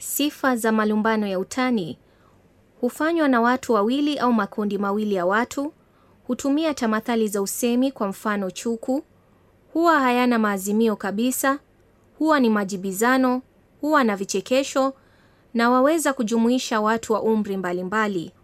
Sifa za malumbano ya utani hufanywa na watu wawili au makundi mawili ya watu, hutumia tamathali za usemi, kwa mfano chuku, huwa hayana maazimio kabisa, huwa ni majibizano, huwa na vichekesho na waweza kujumuisha watu wa umri mbalimbali.